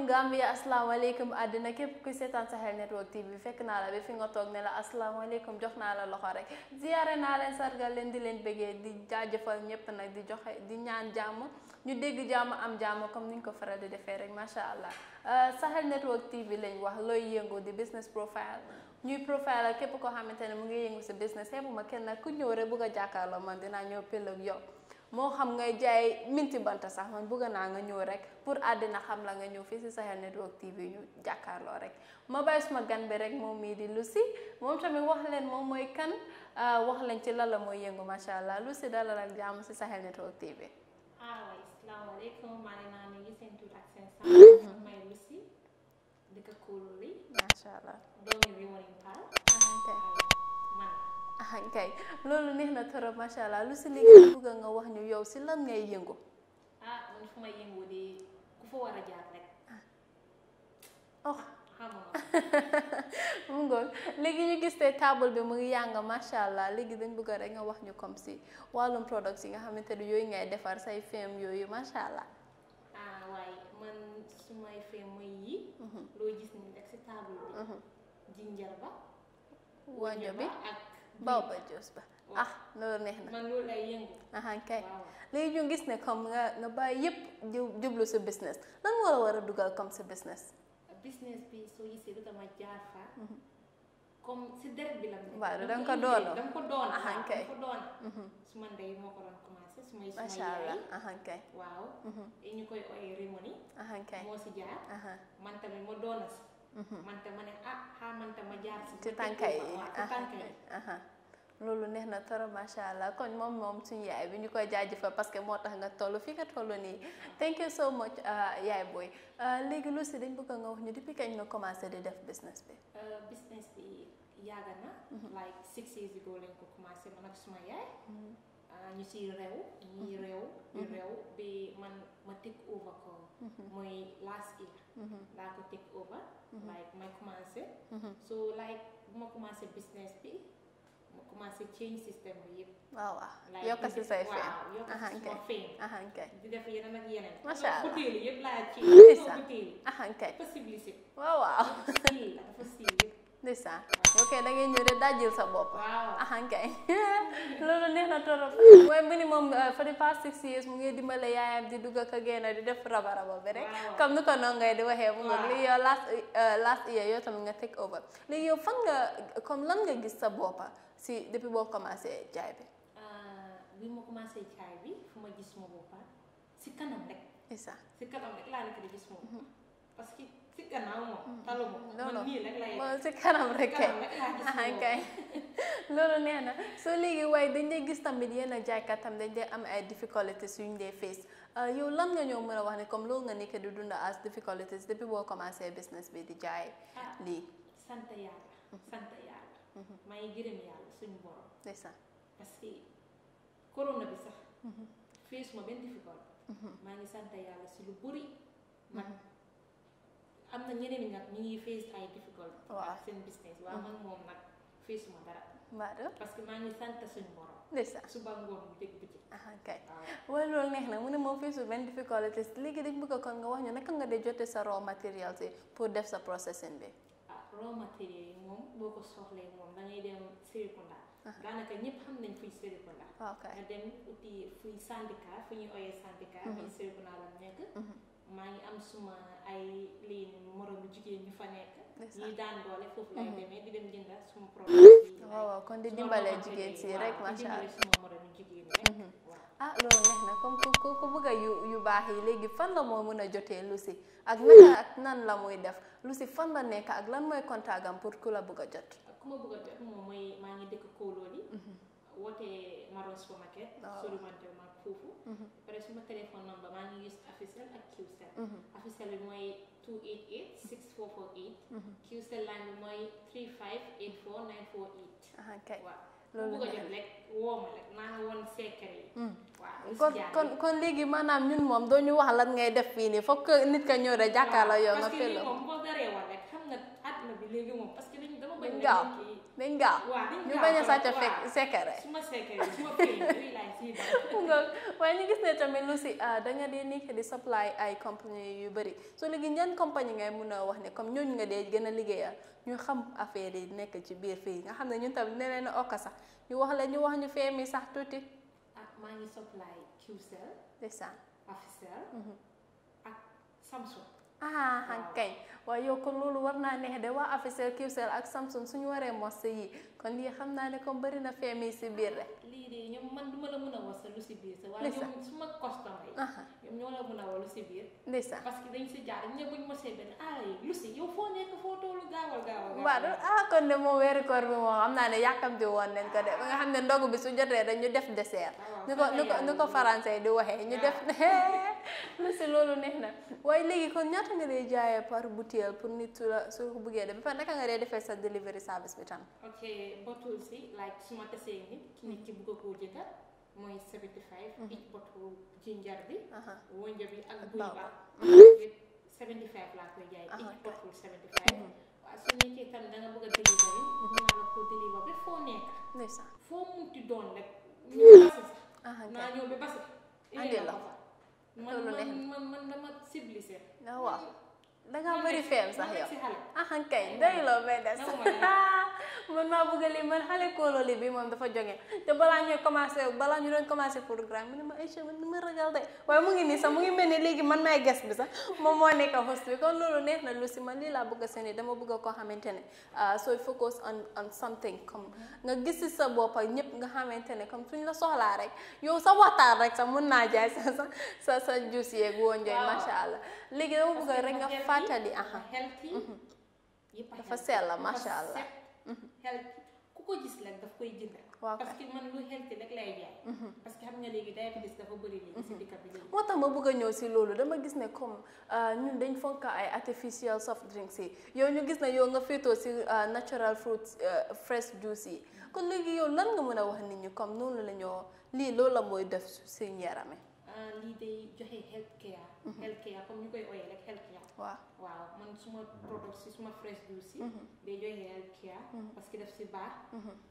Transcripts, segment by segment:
nga am Gambia asalaamaaleykum àddina képp ku seetaan Sahel Network TV fekk naa la bi fi nga toog ne la asalaamaaleykum jox naa la loxo rek ziyaare naa leen sargal leen di leen bëggee di jaajëfal ñëpp nag di joxe di ñaan jàmm ñu dégg jàmm am jàmm comme ni ñu ko faral di defee rek macha allah euh, Sahel Network TV lañ wax looy yëngu di business profile ñuy profile la képp koo xamante ne mu ngi yëngu si business xeebu ma kenn nag ku ñëw rek bugg a jàkkaarloo man dinaa ñëw pil ak mo xam nga jay minti banta sax man bëgg na nga ñëw rek pour adina xam la nga ñëw fi ci Sahel Network TV ñu jakarlo rek ma bay suma gan bi rek mom mi di Lucy mom tamit wax leen mom moy kan ah, wax leen ci lala moy mooy ma sha allah Lucy dalal ak jàmm ci Sahel Network TV. waaw asalaamaaleykum ma ngi naan ni sen tur ak sen sa hmm? may Lucy dëkk Kuluri. sha allah doomi bi Paal hankay loolu neex na trop macha allah lu si nekk bëgg nga wax ñu yow si lan ngay yëngu. ah man fu may yëngu de ku fa war jaar rek. Ah. oh xam nga mu ngoon léegi ñu gis te table bi mu ngi yànga macha allah léegi dañ bëgg rek nga wax ñu comme si wàllum products yi nga xamante ne ngay defar say film yooyu macha ah waaye man su may film mooy yi. Mhm. loo gis ni rek si table bi. Mhm. jinjar ba. wàñño bi ak. baw ba juus ba ah loolu neex na man loolu lay kay léegi gis ne comme nga nga bàyyi yépp jublu sa business lan moo a war a dugal comme sa business business bi soo gisee lu dama jaar fa comme si deret bi la waaw da ko doon da nga ko doon kay ko doon suma kay waaw kay man tamit ma doona Mhm. man te ah, man te ma jaar si. ci tànka yi ci tànka yi. loolu neex na trop macha allah kon moom moom suñ yaay bi ñu koy jaajëfal parce que moo tax nga toll fii nga toll nii thank you so much uh, yaay booy uh, léegi lu si dañ bëgg nga wax ñu depuis kañ nga commencé di def business bi. Uh, business yi yàgg na. like six years ago lañ ko commencé man ak suma yaay. ñu siy réew. ñuy réew. bi man ma take over ko mooy mm-hmm. last year laa mm-hmm. ko take over mm-hmm. like may commencé so like bu ma commencé business bi ma commencé change system bi yëpp waaw waaw yokk si say feeñ waaw yokk si sama feeñ di def yeneen ak yeneen macha allah butéel yëpp laa change butéel ahankay dafa civilisé waaw waaw dafa siiw Nisa, Oke, da nyuruh ñëw de dajil sa bop ah kay. na torop. Way minimum for the past 6 years mu ngi Malaysia, yaayam di dugg ak di def raba raba bi rek. Comme kan orangnya dua ngay ya. di ya, last eh, last year yo ya, tam nga take over. Léegi yow fan nga comme lan gis sa si depuis boo commencé jaay bi. bi ma eh, commencé jaay bi kamu gis sama boppa si kanam rek. Isa. Si kanam rek di gis sama mhm. parce que si gannaaw moom. talu moom si kanam rek kay loolu nee soo léegi waaye dañ dee gis tamit yenn jaaykat tamit dañ dee am ay difficultés yu ñu dee face ah, yow lan nga ñëw mën a wax ne comme loolu nga nekk di dund as difficultés depuis boo commencé business bi di jaay ah, lii. sant yàlla mhm. sant yàlla. Mhm. maa ngi gërëm yàlla suñu borom. c'est ça parce que corona bi sax. Mhm. face ma benn difficulté. maa ngi sant yàlla si lu bëri am na ñeneen ñi nag ñu ngi face ay difficult waaw seen business waaw man moom nag face ma dara parce que maa ngi sant suñu borom ndeysaan suba ngoon bu dégg bëccëg kay waaye loolu neex na mu ne moom face benn difficulté léegi dañ bëgg kon nga wax ñu naka nga dee jote sa raw matériel si pour def sa processing bi ah raw matériel yi moom boo ko soxlee moom da ngay dem Serekunda daanaka ñëpp xam nañ fuy Serekunda ah, nga dem uti fuy syndicat fu ñuy oyee syndicat mhm. fuy Serekunda la nekk mhm. maa am suma ay lii moromu jigéen ñu fa nekk. ñi mhm. di dem jënd waaw waaw kon di dimbale jigéen si rek macha allah di suma moromu jigéen rek. Mhm. ah loolu neex na ku ku bëgg yu baax yi léegi fan la moo mën a jotee Lucy ak naka ak nan la muy def Lucy fan la nekk ak lan mooy contact pour ku la bëgg a jot. aroon supermarket. waaw maag foofu. Mhm. pare suma téléphone number maa ngi use Africell ak Qcell. Mhm. Africell bi mooy 288 6448. Mhm. Qcell line bi mooy 3584 948. waaw loolu la ma rek maa ngi woon secret yi. waaw kon kon kon léegi maanaam ñun moom doo ñu wax lan ngay def fii nii foog nit ka ñëw rek jàkkaarloo yow nga. fële moom boo daree woon rek xam nga àdduna bi léegi moom parce que dama bañ. Venga, ljubanje sača sekere. Suma sekere, suma Enggak, wanya gis ne tamen lusi a danga de ni ke di ah, supply ay company yu bari. So legi ñan company ngay mëna wax ne comme ñoñ nga de gëna liggéeyal, ya, xam affaire yi nekk ci biir fi nga xam ne ñun tam neneen okka sax. Ñu wax la ñu wax ñu femi sax tuti. Ak ma supply QCell. desa, afisel, Ak Samsung. ah hankañ waaye yow kon loolu war naa neex de waa Africell Qcell ak Samsung suñu waree mos yi kon lii xam naa ne comme bëri na feem yi si biir de. lii de ñoom man duma la mën a mos lu si biir sa. waaye ñoom su mag customer yi ñoo la mën a walu si biir. ndeysaan parce que dañ si jaar ñu buñ mosee benn aara ah, yi lu si yow foo nekk foo toolu gaawal gaawal. Ah, naa ne yàkkamti woon nañ ko de ba nga xam jotee dañu def dessert. Ah, nu ko nu ko di waxee ñu def lu si loolu neex na waaye léegi kon ñaata nga dee jaayee par bouteille pour nit su buggee de ba pare naka nga dee defee sa delivery service bi tam. ok a mooy 75. icc potu jinjar bi. wonja bi ak buy ba. 75 laa koy jaay. icc potu 75. waaw su tam da bëgg a délivrer. mën naa la ko délivrer foo nekk. ndeysaan doon rek. ñu basi sax. naa ñëw la man man man dama civilisé. waaw. daga bëri feem sax yow axan ah, kay doyloo bay des man maa bëgg a man xale kóoloo li bi moom dafa jóge te balaa ñuy commencé balaa ñu doon commencé programme mu ne ma Aïcha man ni ma ragal de waaye mu ngi nii sax mu ngi mel ni léegi man may ges bi sax moom moo nekk host bi kon loolu neex na lu si man lii laa bëgg a seen dama bëgg a koo xamante ne ah, focus on on something comme nga gis sa bopp ak ñëpp nga xamante ne comme suñ la soxlaa rek yow sa waxtaan rek sax mun naa jaay sa sa sa sa jus yeeg woon jooy macha allah léegi dama bëgg rek nga fàttali aha uh-huh. healthy yëpp mhm. dafa sella macha allah mhm. ku ko gis nag daf koy jënd waaw lu healthy rek lay jaay mhm. parce que xam nga léegi diabète dafa bëri léegi si dëkk bi léegi moo tax ma bëgg a ñëw si loolu dama gis ne comme euh, ñun dañ fonk ay artificial soft drinks yi yow ñu gis ne yow nga féetoo si euh, natural fruit euh, fresh juice yi kon léegi yow lan nga mën a wax nit ñi comme noonu la ñoo lii loolu la mooy def suñu yarame lii day joxe comme ñu koy oyee waaw waaw man suma produit si suma fresh juice yi. day joxe health que daf si baax.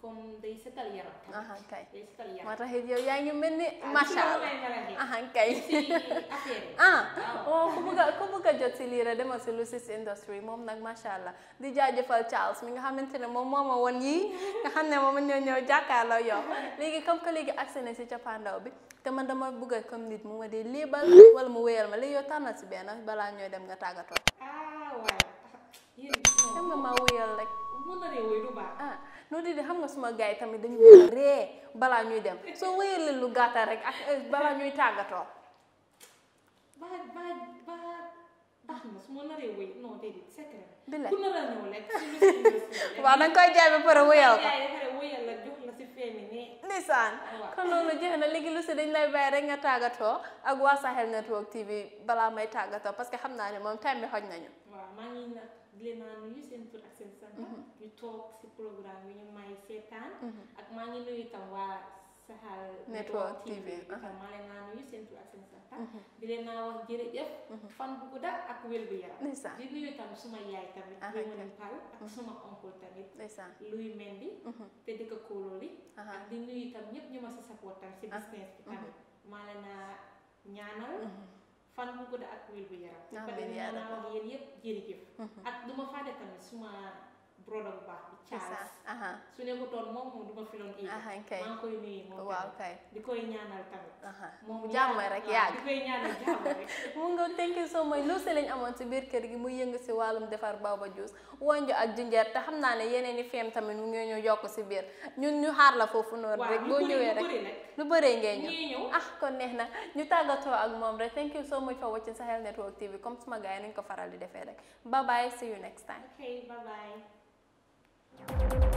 comme day setal yaram. tamit day setal yaram moo tax it yow yaa ngi mel ni. macha allah kay. ah oh ku bëgg a ku bëgg Industry moom nag macha allah di jaajëfal Charles mi nga ah, xamante ne moom moom ma woon yii nga xam ne moom ñoo ñëw jàkkaarloo yow léegi comme que léegi agsi na si cappaandaw bi. que man dama bëgg comme nit mu ma dee léebal wala mu wéyal ma léegi yo tanal ci bénn bala ñoy dem nga tagato ah waaw xam nga ma wéyal rek. mu na du ba ah non di xam nga suma gaay tamit dañu ré bala ñuy dem so wéyal lu gata rek ak bala ñuy tàggatoo. ba ba ba baax na su ma non déedéet secret. bi la ku koy wéyal ko. ndeysaan kon loolu jeex na léegi mhm. mhm. lu si dañ lay bàyyi rek nga tàggatoo ak waa Network TV balaa may tàggatoo parce que xam naa ne moom time bi xoj nañu waaw maa a nuyu seen tur bi ñu sa network tv ma leen naa seen tur ak seen santa di leen naa wax jërëjëf fan bu gudda ak wér gu yaram di nuyu tam suma yaay tamit di mu pal ak mhm. suma oncle tamit luy mendi te di nuyu tam ñu mhm. ma si support mhm. nah, tam business bi tamit maa leen naa ñaanal fan bu gudda ak wér gu yaram ba leen wax ak duma tamit suma brodom baax bi Charles uh-huh. su nekkutoon moom moom duma filoon ii uh-huh, maa ngi waaw kay di koy ñaanal uh-huh. moom jàmm rek yaa di koy rek mu nga thank you so much loolu si lañ amoon si biir kër gi muy yëng si wàllum defar baaba juice wonjo ak jinjeer te xam naa ne yeneen i feem tamit mu ñoo ñu yokk si biir ñun ñu xaar la foofu noonu rek boo ñëwee rek lu bëree ngeen ñëw ah kon neex na ñu tàggatoo ak moom rek thank you so much for watching Sahel Network TV comme suma gars yi nañ ko faral di defee rek bye Thank you.